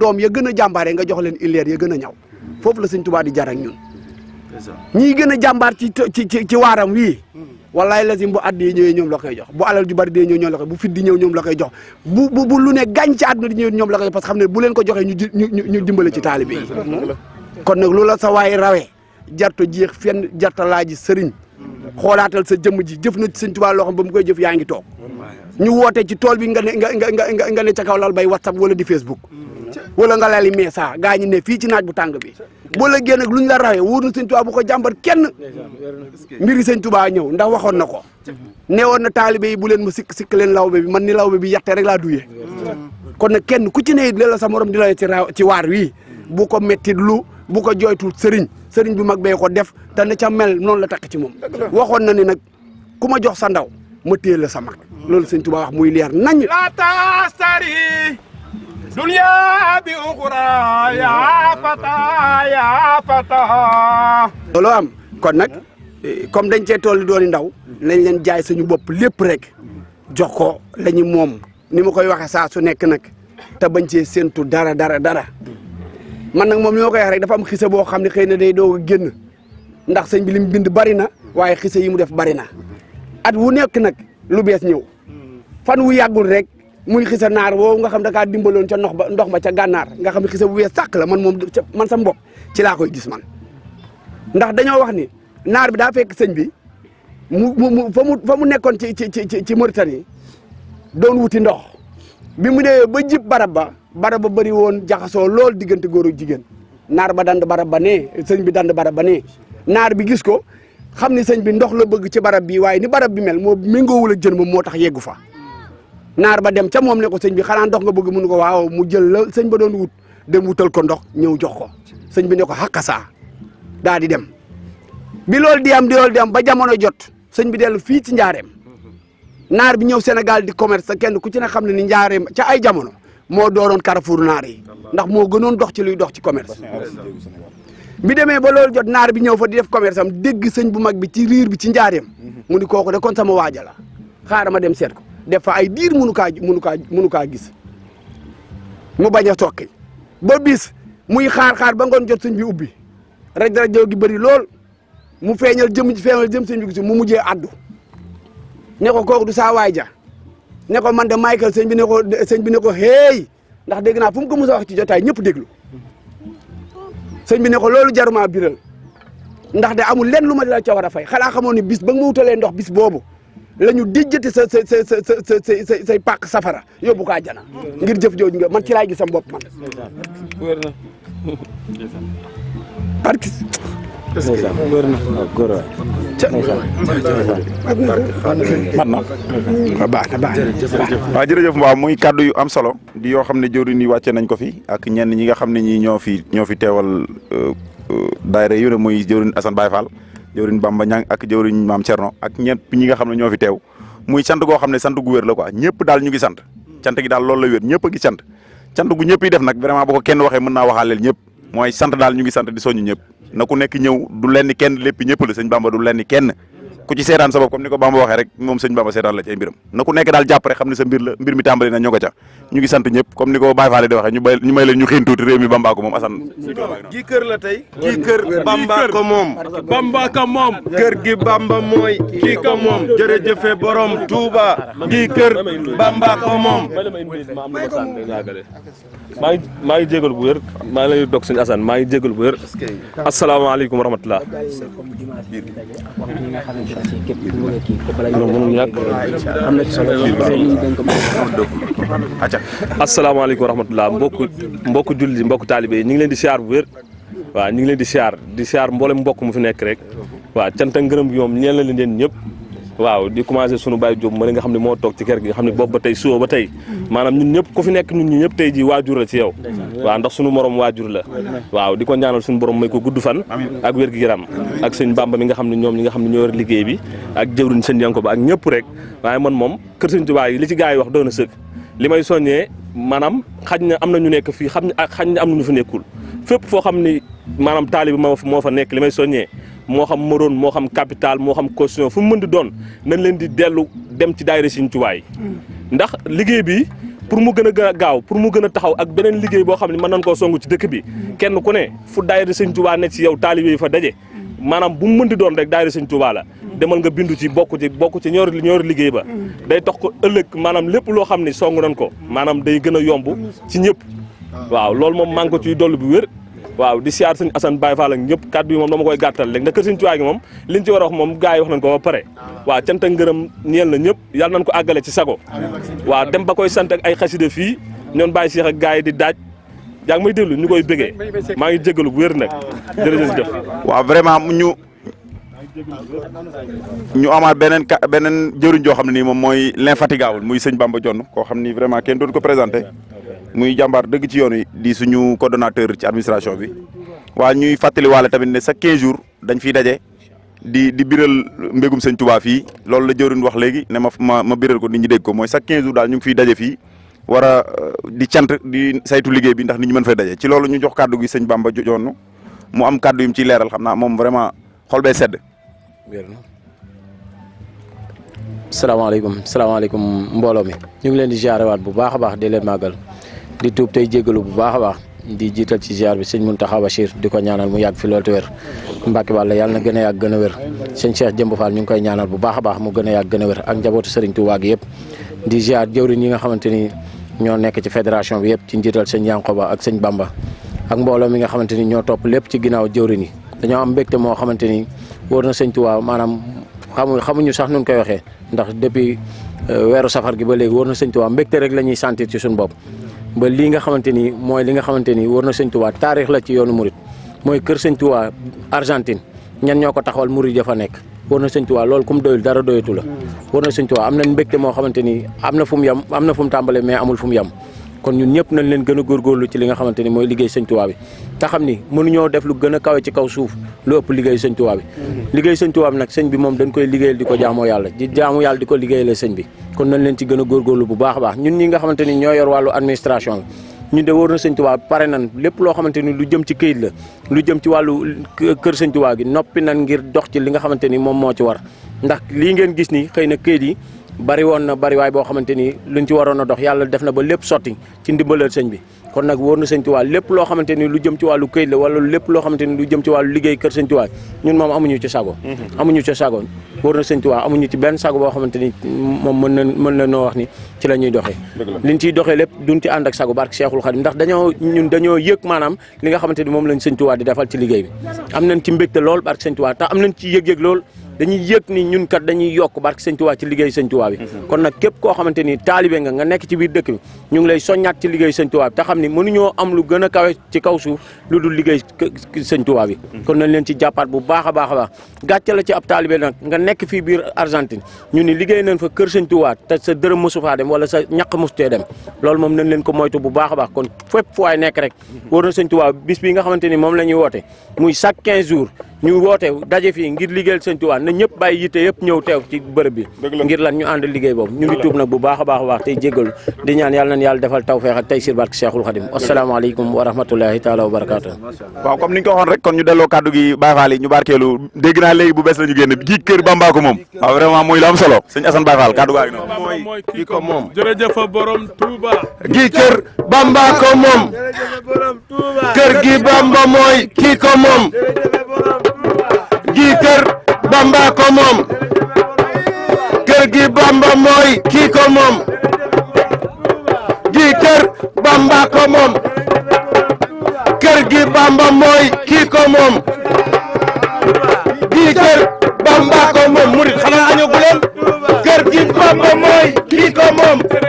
doom ya gën a jàmbaare nga jox leen illeer ya gën a ñaw foofu la sëñ Tuubaa di jar ak ñun ñii gën a jàmbaar ci ci ci waaram wi wallaay lazim bu at yi ñëwee ñoom la koy jox bu alal ju bari dee ñëw ñoom loxo bu fit di ñëw ñoom la koy jox bu bu bu lu ne gàñ ci àdduna di ñëw ñoom la koy parce que xam ne bu leen ko joxee ñu ñu ñu dimbale ci taalibe yi kon nag loola sa waay rawee jarto jeex fenn jarta laaji sëriñ xoolaatal sa jëm ji jëf na ci sëñ Tuubaa loo ba mu koy jëf yaa ngi toog ñu woote ci tool bi nga ne nga nga nga ca kaw lal bay whatsapp wala di facebook wala nga lali meesa gaa ñi ne fii ci naaj bu tàng bi boo la génn lu ñu la rawee wóor na sëñ Tuubaa bu ko jàmbat kenn mbiri sëñ Tuubaa ñëw ndax waxoon na ko nee woon na taalibe yi bu leen ma sikk sikk leen lawbe bi man ni lawbe bi yatte rek laa duyee kon nag kenn ku ci ne it la sa morom di la ci ci waar wi bu ko mettit lu bu ko jooytul sëriñ sëriñ bi mag bee ko def te na ca mel noonu la takk ci moom waxoon na ni nag ku ma jox sa ndaw ma téye la sa mag loolu sëñ Tuubaa wax muy leer nañ la دنيا بأخرى يا فتى يا فتى loolu am kon nag comme dañ cee toll dooni ndaw lañ leen jaay suñu bopp lépp rek jox ko la moom ni ma koy waxee saa su nekk nag te bañ cee séentu dara dara dara man nag moom li ma koy wax rek dafa am xisa boo xam ne xëy na day doog a génn ndax sëñ bi lim bind bari na waaye xisa yi mu def bari na at wu nekk nag lu bees ñëw fan wu yàggul rek muy xisa naar woowu nga xam da kaa dimbaloon ca ndox ba ndox ba ca gànnaar nga xam xisa bu wees sàq la man moom man sam bopp ci laa koy gis man ndax dañoo wax ni naar bi daa fekk sëñ bi mu mu fa mu fa mu nekkoon ci ci ci ci Mauritanie doon wuti ndox bi mu dee ba jib barab ba barab ba bëri woon jaxasoo lool diggante góor ak jigéen naar ba dand barab ba ne sëñ bi dand barab ba ne naar bi gis ko xam ni sëñ bi ndox la bëgg ci barab bi waaye ni barab bi mel moo méngoowul a jën moom moo tax yeggu fa naar ba dem ca moom ne ko sëñ bi xanaa ndox nga bëgg mënu ko waaw mu jël la sëñ ba doon wut dem wutal ko ndox ñëw jox ko sëñ bi ne ko xàqasaa daa di dem bi loolu di am di loolu di ba jamono jot sëñ bi dellu fii ci njaareem naar bi ñëw Sénégal di commerce kenn ku ci ne xam ne ni njaareem ca ay jamono moo dooroon Carrefour naar yi ndax moo gënoon dox ci luy dox ci commerce demee ba loolu jot naar bi ñëw fa di def commerce am dégg sëñ bu mag bi ci riir bi ci njaareem mu ni kooku de kon sama waaja la xaaral ma dem seet ko def fa ay diir munu kaa munu kaa kaa gis mu bañ a tokki ba bis muy xaar-xaar ba ngoon jot sëñ bi ubbi raj rajo gi bëri lool mu feeñal jëm ci feeñal jëm sëñ bi gis mu mujjee addu ne kooku du saa waay ja ne man de Michael sañ bi ne ko sëñ bi ne ko ndax dégg naa fu mu ko mos a wax ci jotaay ñëpp déglu sëñ bi ne ko loolu jaruma biral ndax de amul lenn lu ma la ca war a fay xalaa xamoon ne bis ba nga ma ndox bis boobu la ñu dijjati sa sa sa say pàq safara yóbbu ko àjjana ngir jëf jooju nga man ci laay gisam bopp man. wér na. barke. na góor a. man na baax na baax na. waaw jërëjëf mbaa muy kàddu yu am solo di yoo xam ne jëwriñ yi wàcce nañ ko fi ak ñenn ñi nga xam ne ñi ñoo fi ñoo fi teewal euh, euh, daayira yu ne muy jëwriñ Assane Baye Fall. jëwriñ Bamba Ñang ak jëwriñ Maam Cerno ak ñëpp ñi nga xam ne ñoo fi teew muy sant goo xam ne sant gu wér la quoi ñëpp daal ñu ngi sant cant gi daal loolu la wér ñëpp a sant cant gu ñëpp yi def nag vraiment bu kenn waxee mën naa waxaaleel ñëpp mooy sant daal ñu ngi sant di soññ ñëpp na ku nekk ñëw du lenn kenn lépp ñëpp la sëñ Bamba du lenn kenn ku ci seetaan sabab comme ni ko Bamba waxee rek moom sëñ Bamba seetaan la ci ay mbiram na ku nekk daal jàpp rek xam ne sa mbir la mbir mi tàmbali a ñoo ko ca ñu ngi sant ñëpp comme ni ko Baye Fall di ñu bay ñu xiin tuuti réew Bamba ko moom Assane gi kër la tey gi kër Bamba ko moom Bamba ko moom kër gi Bamba mooy kii ko moom jërëjëfe borom maa ngi maa ngi jégal bu wér maa ngi lay dog sëñ Assane maa ngi jégal bu wér asalaamaaleykum ci képp ku mën a mbokk mbokk julli mbokk taalibe yi ñu ngi leen di siyaar bu wér waaw ñu ngi leen di siyaar di siyaar mboolem mbokk mu fi nekk rek waaw cant ak ngërëm gi moom ñeel na leen ñëpp waaw di commencé sunu Baye Diop ma nga xam ne moo toog ci kër gi nga xam ne boobu ba tey suba ba tey maanaam ñun ñëpp ku fi nekk ñun ñu ñëpp tey ji waajur la ci yow waaw ndax sunu morom waajur la waaw di ko ñaanal sunu borom may ko gudd fan ak wér gi yaram ak sëñ Bamba mi nga xam ne ñoom ñi nga xam ne ñoo liggéey bi ak jëwriñ sëñ Yanko ak ñëpp rek waaye man moom kër sëñ Tuubaa yi li ci gars yi wax doon na sëkk li may soññee maanaam xaj na am na ñu nekk fii xam xaj na am na ñu fa nekkul fépp foo xam ni maanaam taalibi moo fa nekk li may soññee moo xam Morone moo xam capital moo xam caution fu mu mën di doon nañ leen di dellu dem ci daayira Sëriñ Tuubaa yi ndax liggéey bi pour mu gën a gën a gaaw pour mu gën a taxaw ak beneen liggéey boo xam ne mën nañ koo songu ci dëkk bi kenn ku ne fu daayira Sëriñ Tuubaa ne ci yow taalibe yi fa daje maanaam bu mu mën di doon rek daayira Sëriñ Tuubaa la demal nga bindu ci bokk ci bokk ci ñoori ñoori liggéey ba day tox ko ëllëg maanaam lépp loo xam ne song nañ ko maanaam day gën a yomb ci ñëpp ah. waaw loolu moom maa ciy dollu bu wér waaw di siyaar sëñ Assane Baye Fall ak ñëpp kàddu yi moom dama koy gàttal léegi nag kër sëñ Tuubaa gi moom liñ ci war a wax moom gars yi wax nañ ko ba pare waaw cant ak ngërëm ñeel na ñëpp yàlla nañ ko àggale ci sago waaw dem ba koy sant ak ay xasida fii ñoon Baye Cheikh ak gars yi di daaj yaa ngi may déglu ñu koy bëggee maa ngi jégalu bu wér nag jërëjëf waaw vraiment ñu ñu amaat beneen ka beneen jëriñ joo xam ne nii moom mooy l'infatigable muy sëñ Bamba Jonn koo xam ni vraiment kenn doon ko présenté muy jàmbaar dëgg ci yoon wi di suñu coordonnateur ci administration bi waa ñuy fàttaliwaale tamit ne chaque 15 jours dañ fiy daje di di biral mbégum sëñ Tuubaa fii loolu la jëriñ wax léegi ne ma ma ma biral ko nit ñu dégg ko mooy chaque 15 jours daal ñu ngi fiy daje fii war a euh, di cant di saytu liggéey bi ndax nit ñi mën fay daje ci loolu ñu jox kàddu gi sëñ Bamba joonu mu am kàddu yu mu ciy leeral xam naa moom vraiment xol bee sedd. salaamaaleykum salaamaaleykum mbooloo mi ñu ngi leen di ziarewaat bu baax a baax di leen màggal. di tuub tey jégalu bu baax a baax di jiital ci ziar bi sëñ Mountakha Bachir di ko ñaanal mu yàgg fi loolu te wér Mbacke Balla yàlla na gën a yàgg gën a wér sëñ Cheikh Jëmb Fall ñu ngi koy ñaanal bu baax a baax mu gën a yàgg gën a wér ak njabootu sëriñ Touba gi yëpp di ziar jëwriñ yi nga xamante ni ñoo nekk ci fédération bi yëpp ci njiital sëñ Yankoba ak sëñ Bamba ak mbooloo mi nga xamante ni ñoo topp lépp ci ginnaaw jëwriñ yi dañoo am mbégte moo xamante ni wóor na sëñ Touba maanaam xamu xamuñu sax nun koy waxee ndax depuis euh, weeru safar gi ba léegi wóor na sëñ Touba mbégte rek la ñuy ci suñ bopp ba lii nga xamante ni mooy li nga xamante ni war na sëñ Tuubaa taarix la ci yoonu murit mooy kër sëñ Tuubaa Argentine ñan ñoo ko taxawal murit ya fa nekk war na sëñ Tuubaa loolu ku mu doyul dara doyatu la war na sëñ Tuubaa am na mbégte moo xamante ni am na fu mu yem am na fu mu tàmbalee mais amul fu mu yem kon ñun ñëpp nañ leen gën a góorgóorlu ci li nga xamante ni mooy liggéey sëñ Tuubaa bi te xam ni mënuñoo def lu gën a kawe ci kaw suuf lu ëpp liggéey sëñ Tuubaa mm-hmm. liggéey sëñ Tuubaa nag sëñ bi moom dañ koy liggéeyal di ko jaamoo yàlla di jaamu yàlla di ko liggéeyale sëñ bi kon nañ leen ci gën a góorgóorlu bu baax baax ñun ñi nga xamante ni ñoo yor wàllu administration bi ñu de wóor na sëñ pare nan lépp loo xamante ni lu jëm ci kayit la lu jëm ci wàllu kër sëñ gi noppi nan ngir dox ci li nga xamante ni moom moo ci war ndax lii ngeen gis ni xëy na këyit yi bari woon na bari waay boo xamante ni luñ ci waroon a dox yàlla def na ba lépp sotti ci ndimbalal sëñ bi kon nag wóor na sëñ Tuubaa lépp loo xamante ni lu jëm ci wàllu lu jëm ci wàllu liggéey kër sëñ Tuubaa ñun moom amuñu ci sago mhm. amuñu ci sago wóor na sëñ Tuubaa amuñu ci benn sago boo xamante ni moom mën na mën na noo wax ni ci la ñuy doxee liñ ciy doxee lépp duñ ci ànd ak sago barke Seexul Xadim ndax dañoo ñun dañoo yëg maanaam li nga xamante moom lañ sëñ Tuubaa di defal ci liggéey bi am nañ ci mbégte lool barke sëñ Tuubaa dañuy yëg ni ñun kat dañuy yokk barke sëñ Tuubaa ci liggéey sëñ Tuubaa bi mhm. kon nag képp koo xamante ni taalibe nga nga nekk ci biir dëkk bi ñu ngi lay soññaat ci liggéey sëñ Tuubaa bi am lu gën a kawe ci kaw suuf lu dul liggéey sëñ bi mhm. kon nañ leen ci jàppaat bu baax a baax a baax la ci ab taalibe nag nga nekk fii biir Argentine ñu ni liggéey nañ fa kër sëñ Tuubaa te sa dërëm mosu faa dem wala sa ñaq mosutee dem loolu moom nañ leen ko moytu bu baax a baax kon fépp fu waay nekk rek mhm. wóor na sëñ Tuubaa bis bi nga xamante ni moom la ñuy woote muy chaque quinze jours ñu woote daje fii ngir liggéeyal sëñ Tuubaa na ñëpp bàyyi yitte yëpp ñëw teew ci bërëb bi ngir lan ñu ànd liggéey boobu ñu ngi tuub nag bu baax a baax a baax tey jéggalu di ñaan yàlla nañ yàlla defal tawfeex ak tey sir barke Cheikhul Khadim asalaamaaleykum wa rahmatulahi taala wa barakaatu waaw comme ni ko waxoon rek kon ñu delloo kàddu gi Baye Fall ñu barkeelu dégg naa léegi bu bees la ñu gi kër Bamba moom waaw gi kër moom kër gi Bamba moom gi kër Bamba ko moom kër gi Bamba mooy kii ko moom gi kër Bamba ko moom kër gi Bamba mooy kii ko moom gi kër Bamba ko moom murid xanaa añaguleen kër gi Bamba mooy kii ko moom